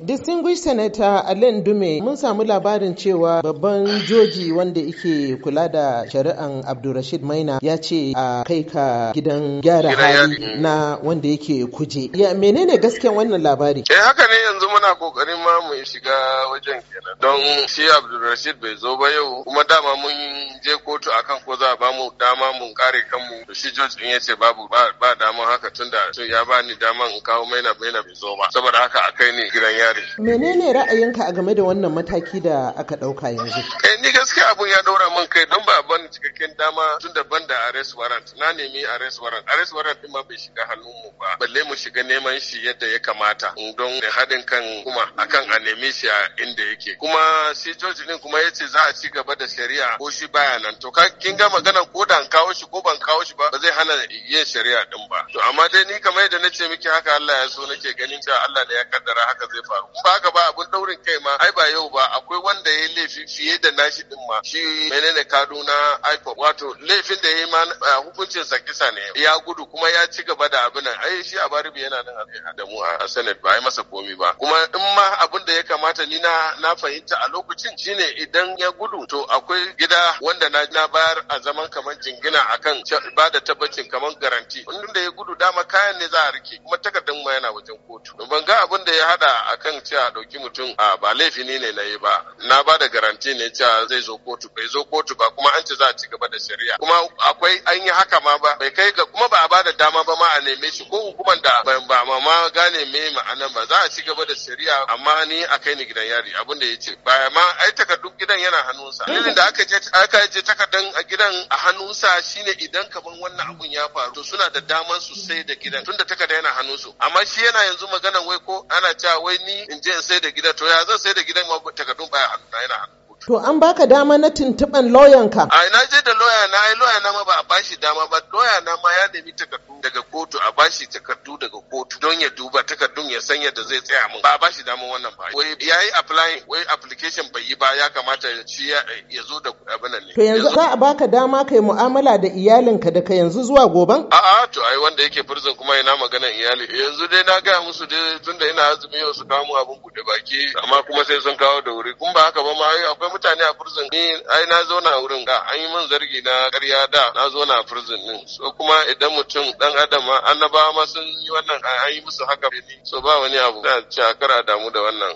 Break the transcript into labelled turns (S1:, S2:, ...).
S1: Distinguished Senator Alain Dume mun samu labarin cewa babban joji wanda yake kula da shari'an Abdulrashid Maina ya ce a kai ka gidan gyara hali na wanda yake kuje. Ya menene gasken wannan labari? Eh haka ne yanzu muna
S2: kokarin ma mu shiga wajen kenan. Don shi Abdulrashid bai zo ba yau kuma dama mun je kotu akan ko za a ba mu dama mun kare kanmu to shi George din yace babu ba dama haka tunda ya bani dama in kawo maina maina bai zo ba saboda haka a kai ni gidan yari.
S1: Menene ra'ayinka a game da wannan mataki da aka ɗauka yanzu? Eh
S2: ni gaskiya abun ya ɗaura min kai don ba ban cikakken dama tun da ban da arrest warrant na nemi arrest warrant arrest warrant din ma bai shiga hannun mu ba balle mu shiga neman shi yadda ya kamata don da haɗin kan kuma akan a nemi shi a inda yake kuma shi George din kuma yace za a ci gaba da shari'a ko shi baya nan to ka kin ga magana ko da an kawo shi ko ban kawo shi ba ba zai hana yin shari'a din ba to amma dai ni kamar yadda nace miki haka Allah ya so nake ganin cewa Allah ne ya kaddara haka zai faru ba haka ba abun daurin kai ma ai ba yau ba akwai wanda ya laifi fiye da nashi din ma shi menene Kaduna IPOP wato laifin da ya ma hukuncin sa kisa ne ya gudu kuma ya ci gaba da abin nan ai shi a Baribi yana nan da mu a Senate ba ai masa komi ba kuma in ma abin da ya kamata ni na na fahimta a lokacin shine idan ya gudu to akwai gida wanda na na bayar a zaman kamar jingina akan ba da tabbacin kamar garanti wanda da ya gudu dama kayan ne za a rike kuma takardar ma yana wajen kotu ban ga abin da ya hada akan cewa a ɗauki mutum a ba laifi ne na yi ba na ba da garanti ne cewa zai zo kotu bai zo kotu ba kuma an ce za a ci gaba da shari'a kuma akwai an yi haka ma ba bai kai ga kuma ba a ba da dama ba ma a neme shi ko hukuman da ba ma ma gane me ma'anan ba za a ci gaba da shari'a amma ni a kai ni gidan yari abin da ya ce ba ma ai takardun gidan yana hannunsa dalilin da aka je aka je takardan a gidan a hannunsa shine idan kaman wannan abun ya faru to suna da daman su sai da gidan tunda takarda yana hannunsu amma shi yana yanzu maganan wai ko ana cewa wai ni in je in sai da gidan to ya zan sai da gidan ma takardun baya hannuna yana hannu
S1: To an baka dama na tuntuɓan ka. A na je da lawyer na ai lawyer na ma ba a bashi dama ba lawyer na ma ya nemi takardu daga kotu
S2: a bashi takardu daga kotu don ya duba takardun ya san yadda zai tsaya mun ba a bashi dama wannan ba. Wai yayi applying wai application bai yi ba ya kamata ya ci ya zo da abin
S1: To yanzu za a baka dama kai mu'amala da iyalinka daga yanzu zuwa goban?
S2: A'a to ai wanda yake prison kuma ina magana iyali. Yanzu dai na gaya musu dai tunda ina azumi yau su kawo mu abin bude baki amma kuma sai sun kawo da wuri. Kun ba haka ba ma akwai mutane a prison ni ai na zauna a wurin ga an yi min zargi na ƙarya da na zauna a prison din. So kuma idan mutum dan adam annabawa ma sun yi wannan an yi musu haka. So ba wani abu. Ina ci a kara damu da wannan.